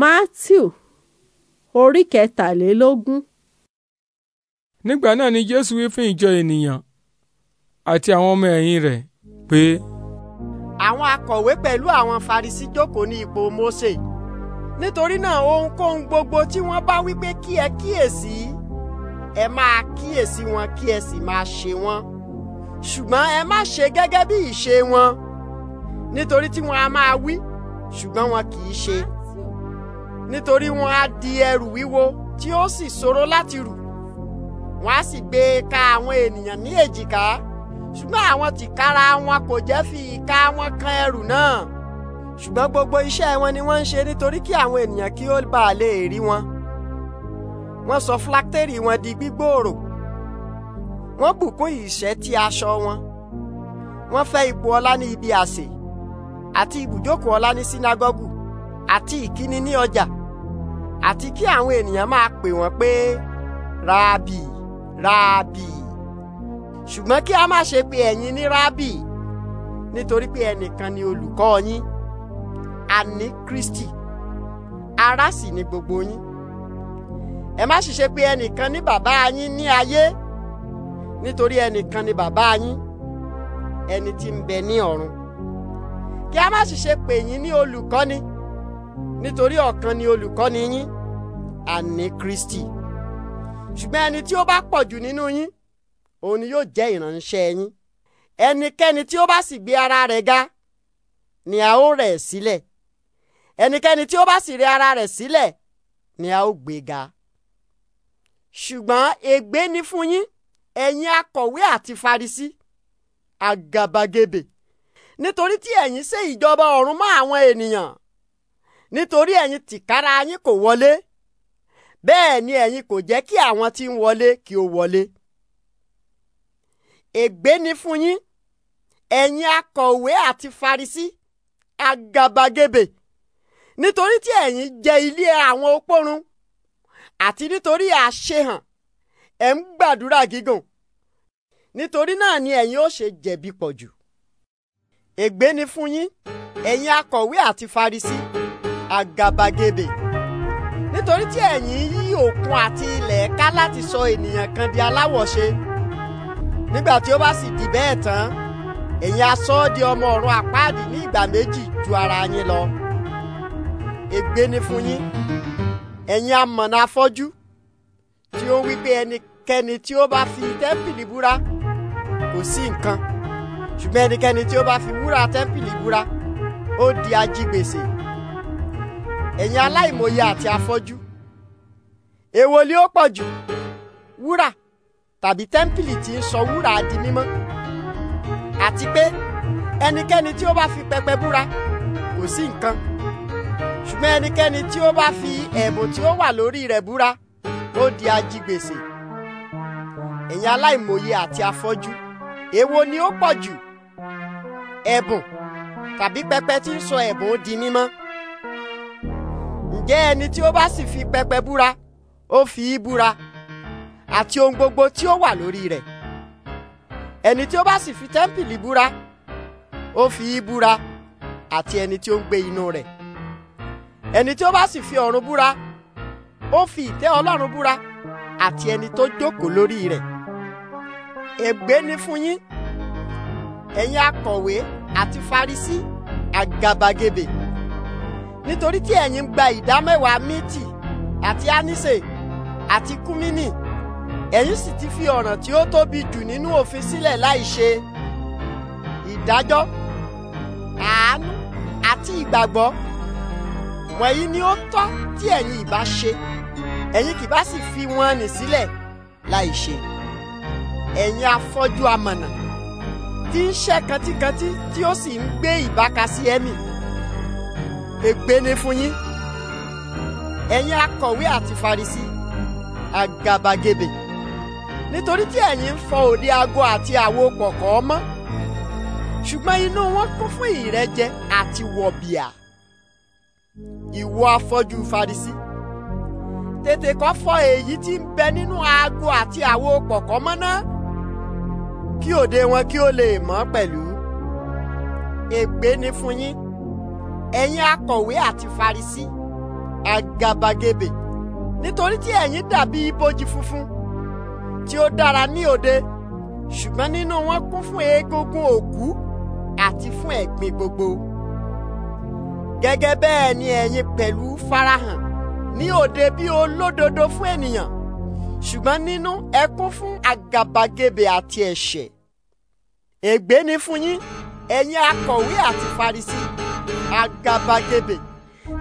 Mátíù orí kẹtàlélógún. Nígbà náà ni Jésù wí fún ìjọ ènìyàn àti àwọn ọmọ ẹ̀yìn rẹ̀ pé. Àwọn akọ̀wé pẹ̀lú àwọn Farisí jókòó ní ipò Mósè. Nítorí náà ohunkóhun gbogbo tí wọ́n bá wí pé kí ẹ kíyèsí, ẹ máa kíyèsí wọn kí ẹ sì máa ṣe wọn. Ṣùgbọ́n ẹ má ṣe gẹ́gẹ́ bí ìṣe wọn. Nítorí tí wọ́n a máa wí, ṣùgbọ́n wọn kì í ṣe nítorí wọn á di ẹrù wíwo tí ó sì ṣòro láti rù wọn á sì gbé e ka àwọn ènìyàn ní èjìká ṣùgbọ́n àwọn tìkára wọn kò jẹ́ fi ìka wọn kan ẹrù náà ṣùgbọ́n gbogbo iṣẹ́ wọn ni wọ́n ń ṣe nítorí kí àwọn ènìyàn kí ó bàa lè rí wọn wọ́n sọ flakteri wọn di gbígbòòrò wọ́n bùkún ìṣẹ́ ti aṣọ wọn wọ́n fẹ́ ipò ọlá ní ibi àsè àti ibùjókòó ọlá ní sínágọ́gù àti ìkíni ní ọjà àti kí àwọn ènìyàn máa pè wọ́n pé rábì rábì ṣùgbọ́n kí a má ṣe pè ẹ̀yin ní rábì nítorí pé ẹnìkan ni olùkọ́ yín àní Kristi ará sì ni gbogbo yín ẹ má sì ṣe pé ẹnìkan ní bàbá yín ní ayé nítorí ẹnìkan ni bàbá yín ẹni tí ń bẹ ní ọ̀run kí a má sì pè yín ní olùkọ́ni nítorí ọ̀kan ni olùkọ́ni yín àní Kristi ṣùgbọ́n ẹni tí ó bá pọ̀ jù nínú yín òun ni yóò jẹ́ ìránṣẹ́ yín ẹnikẹ́ni tí ó bá sì gbé ara rẹ̀ ga ni a ó rẹ̀ sílẹ̀ ẹnikẹ́ni tí ó bá sì rẹ̀ ara rẹ̀ sílẹ̀ ni a ó gbé ga ṣùgbọ́n ègbé ni fún yín ẹ̀yin akọ̀wé àti Farisí àgàbàgebè nítorí tí ẹ̀yin ṣe ìjọba ọ̀run mọ́ àwọn ènìyàn nítorí ẹ̀yin tìkára yín kò wọlé bẹ́ẹ̀ ni ẹ̀yin kò jẹ́ kí àwọn tí ń wọlé kí ó wọlé. ègbé ni fún yín ẹ̀yin akọ̀wé àti farisí àgàbàgebè nítorí tí ẹ̀yin jẹ ilé àwọn opórun àti nítorí àṣehàn ẹ̀ ń gbàdúrà gígùn nítorí náà ni ẹ̀yin ó ṣe jẹ̀bi pọ̀jù. ègbé ni fún yín ẹ̀yin akọ̀wé àti farisí àgàbàgebè nítorí tí ẹ̀yin yí òkun àti ilẹ̀ ká láti sọ ènìyàn kan di aláwọ̀ṣe nígbà tí ó bá sì di bẹ́ẹ̀ tán ẹ̀yin á sọ ọ́ di ọmọ ọ̀run àpáàdì ní ìgbà méjì ju ara yín lọ ègbé ni fún yín ẹ̀yin amọ̀nà afọ́jú tí ó wí pé ẹnikẹ́ni tí ó bá fi tẹ́ḿpìlì búra kò sí nǹkan ṣùgbọ́n ẹnikẹ́ni tí ó bá fi wúrà tẹ́ḿpìlì búra ó di ajigbèsè ẹ̀yin aláìmòye àti afọ́jú èwo ni ó pọ̀ jù wúrà tàbí tẹ́ḿpìlì tí ń sọ wúrà di mímọ́ àti pé ẹnikẹ́ni tí ó bá fi pẹpẹ búra kò sí nǹkan ṣùgbọ́n ẹnikẹ́ni tí ó bá fi ẹ̀bùn tí ó wà lórí rẹ̀ búra ó di ajigbèsè ẹ̀yin aláìmòye àti afọ́jú èwo ni ó pọ̀ jù ẹ̀bùn tàbí pẹpẹ tí ń sọ ẹ̀bùn di mímọ́ ǹjẹ́ ẹni tí ó bá sì fi pẹpẹ búra ó fi í búra àti ohun gbogbo tí ó wà lórí rẹ̀ ẹni tí ó bá sì fi tẹ́ḿpìlì búra ó fi í búra àti ẹni tí ó ń gbé inú rẹ̀ ẹni tí ó bá sì fi ọ̀run búra ó fi ìtẹ́ ọlọ́run búra àti ẹni tó jókòó lórí rẹ̀ ègbé ni fún yín ẹ̀yin akọ̀wé àti Farisí àgàbàgebè nítorí tí ẹ̀yin ń gba ìdámẹ́wàá mítì àti anise àti kúmínì ẹ̀yin sì ti fi ọ̀ràn tí ó tóbi jù nínú òfin sílẹ̀ láì ṣe ìdájọ́ àánú àti ìgbàgbọ́ wọ̀nyí ni ó tọ́ tí ẹ̀yin ìbá ṣe ẹ̀yin kì bá sì fi wọ́n nì sílẹ̀ láì ṣe ẹ̀yin afọ́jú amọ̀nà tí ń ṣe kantíkantí tí ó sì ń gbé ìbákasí ẹ̀mí ègbé ni fún yín ẹ̀yin akọ̀wé àti Farisí àgàbàgebè nítorí tí ẹ̀yin ń fọ òde ago àti àwo kọ̀ọ̀kọ́ mọ́ ṣùgbọ́n inú wọn kún fún ìrẹ́jẹ àti wọ̀bìà ìwọ afọ́jú Farisí tètè kọ́ fọ èyí tí ń bẹ nínú aago àti àwo kọ̀ọ̀kọ́ mọ́ náà kí òde wọn kí ó lè mọ́ pẹ̀lú ègbé ni fún yín ẹ̀yin akọ̀wé àti Farisí àgàbàgebè nítorí tí ẹ̀yin dàbí ibojì funfun tí ó dára ní òde ṣùgbọ́n nínú wọn kún fún egungun òkú àti fún ẹ̀gbin gbogbo gẹ́gẹ́ bẹ́ẹ̀ ni ẹ̀yin pẹ̀lú farahàn ní òde bí olódodo fún ènìyàn ṣùgbọ́n nínú ẹ kún fún àgàbàgebè àti ẹ̀ṣẹ̀ ègbé ni fún yín ẹ̀yin akọ̀wé àti Farisí àgàbàgebè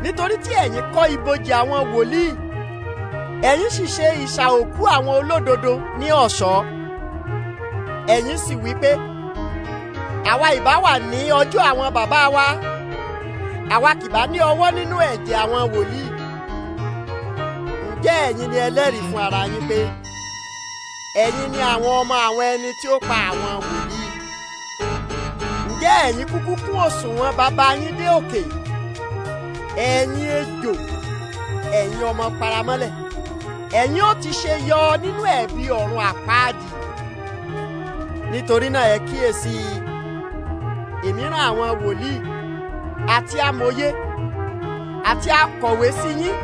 nítorí tí ẹ̀yin kọ́ ibojì àwọn wòlíì ẹ̀yin sì ṣe ìsà òkú àwọn olódodo ní ọ̀ṣọ́ ẹ̀yin sì wí pé àwa ìbá wà ní ọjọ́ àwọn bàbá wa àwa kìbá ní ọwọ́ nínú ẹ̀jẹ̀ àwọn wòlíì ǹjẹ́ ẹ̀yin ni ẹlẹ́rìí fún ara yín pé ẹ̀yin ni àwọn ọmọ àwọn ẹni tí ó pa àwọn wòlíì ǹjẹ́ ẹ̀yin kúkú kún òṣùwọ̀n bàbá yín dé òkè ẹ̀yin ejò ẹ̀yin ọmọ paramọ́lẹ̀ ẹ̀yin ó ti ṣe yọ nínú ẹ̀bi ọ̀run àpáàdì nítorí náà ẹ kíyèsí ìmíràn àwọn wòlíì àti amòye àti akọ̀wé sí yín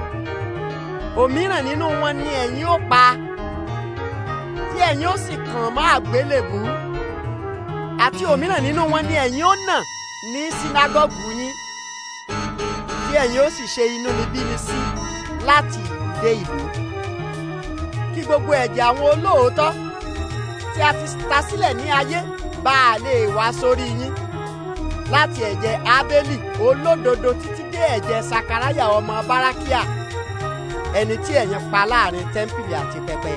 òmíràn nínú wọn ni ẹ̀yin ó pa tí ẹ̀yin ó sì kàn má àgbélébùú àti òmíràn nínú wọn ni ẹ̀yin ó nà ní sínágọ́gù yín tí ẹ̀yin ó sì ṣe inúnibíni sí láti dé ìlú kí gbogbo ẹ̀jẹ̀ àwọn olóòótọ́ tí a fi ta sílẹ̀ ní ayé bá a lè wá sórí yín láti ẹ̀jẹ̀ ábélì olódodo títí dé ẹ̀jẹ̀ sakaraya ọmọ bárákíà ẹni tí ẹ̀yin pa láàrin tẹ́ḿpìlì àti pẹpẹ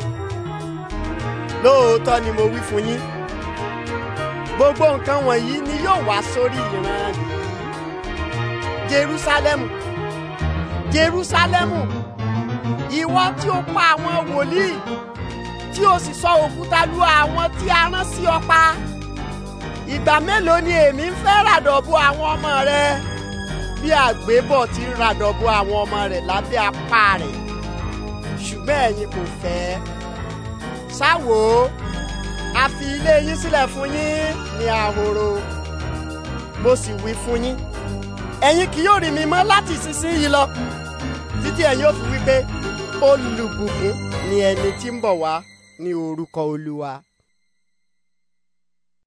lóòótọ́ ni mo wí fún yín gbogbo nǹkan wọ̀nyí ni yóò wá sórí ìran yìí Jerúsálẹ́mù Jerúsálẹ́mù ìwọ tí ó pa àwọn wòlíì tí ó sì sọ òkúta lu àwọn tí a rán sí ọ pa ìgbà mélòó ni èmi ń fẹ́ ràdọ̀bù àwọn ọmọ rẹ bí àgbébọ̀ ti ń ràdọ̀bù àwọn ọmọ rẹ̀ lábẹ́ apá rẹ̀ ṣùgbọ́n ẹ̀yin kò fẹ́ sáwòó a fi ilé yín sílẹ̀ fún yín ní ahoro mo sì wí fún yín ẹ̀yin kì yóò rí mi mọ́ láti ìsinsìnyí lọ títí ẹ̀yin ó fi wí pé olùbùkún ni ẹni tí ń bọ̀ wá ní orúkọ olúwa.